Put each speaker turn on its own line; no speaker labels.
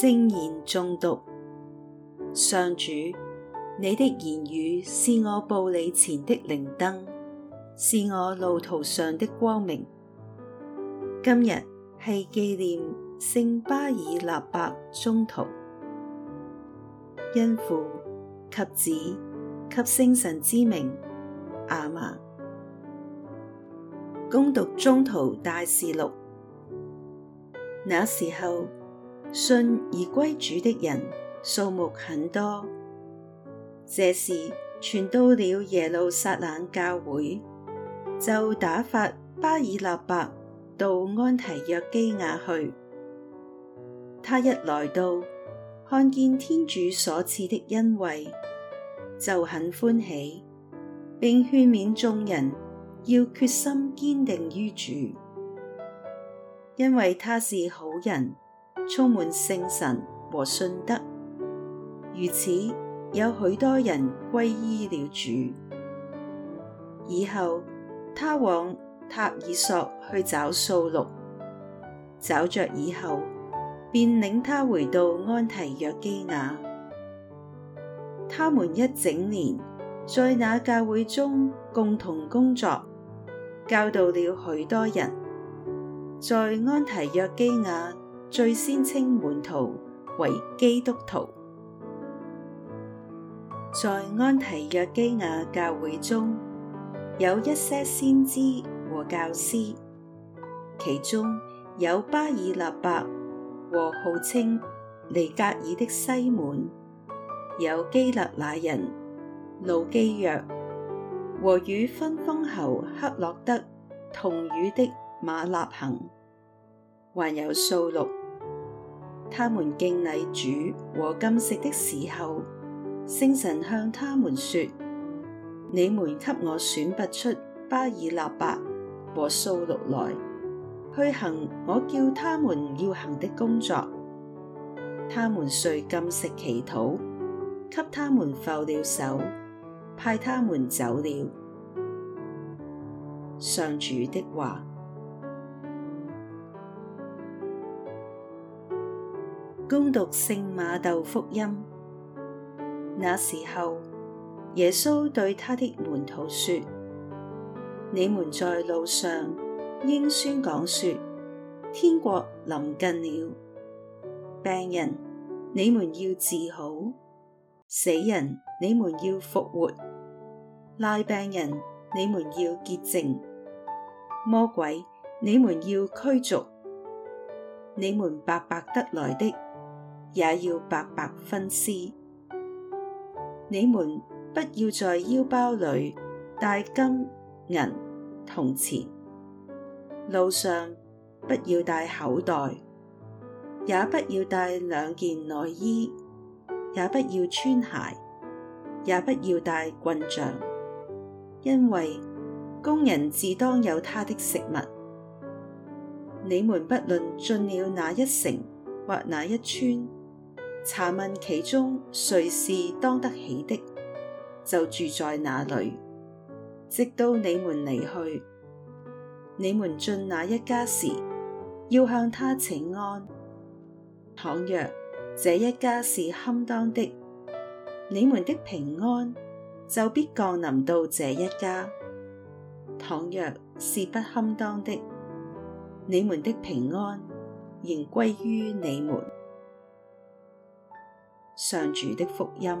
聖言誦讀。上主，你的言語是我步你前的靈燈，是我路途上的光明。今日係紀念聖巴爾納伯宗徒，因父及子及聖神之名阿瑪。恭讀宗徒大事錄，那時候。信而歸主的人數目很多，這事傳到了耶路撒冷教會，就打發巴爾納伯到安提約基雅去。他一來到，看見天主所賜的恩惠，就很歡喜，並勸勉眾人要決心堅定於主，因為他是好人。充滿聖神和信德，如此有許多人歸依了主。以後他往塔爾索去找掃祿，找着以後便領他回到安提約基雅。他們一整年在那教會中共同工作，教導了許多人。在安提約基雅，最先稱門徒為基督徒。在安提約基雅教會中，有一些先知和教師，其中有巴爾納伯和號稱尼革爾的西滿，有基勒乃人路基約，和與分封侯黑落德同乳的瑪納恆，還有掃祿。他們敬禮主和禁食的時候，聖神向他們說：你們給我選拔出巴爾納伯和掃祿來，去行我叫他們要行的工作。他們遂禁食祈禱，給他們覆了手，派他們走了。上主的話。恭讀聖瑪竇福音，那時候耶穌對他的門徒說：你們在路上應宣講說，天國臨近了。病人，你們要治好；死人，你們要復活；癩病人，你們要潔淨；魔鬼，你們要驅逐。你們白白得來的，也要白白分施。你們不要在腰包裏帶金銀銅錢，路上不要帶口袋，也不要帶兩件內衣，也不要穿鞋，也不要帶棍杖，因為工人自當有他的食物。你們不論進了哪一城或哪一村，查問其中誰是當得起的，就住在那裏，直到你們離去。你們進那一家時，要向他請安。倘若這一家是堪當的，你們的平安就必降臨到這一家；倘若是不堪當的，你們的平安仍歸於你們。上主的福音。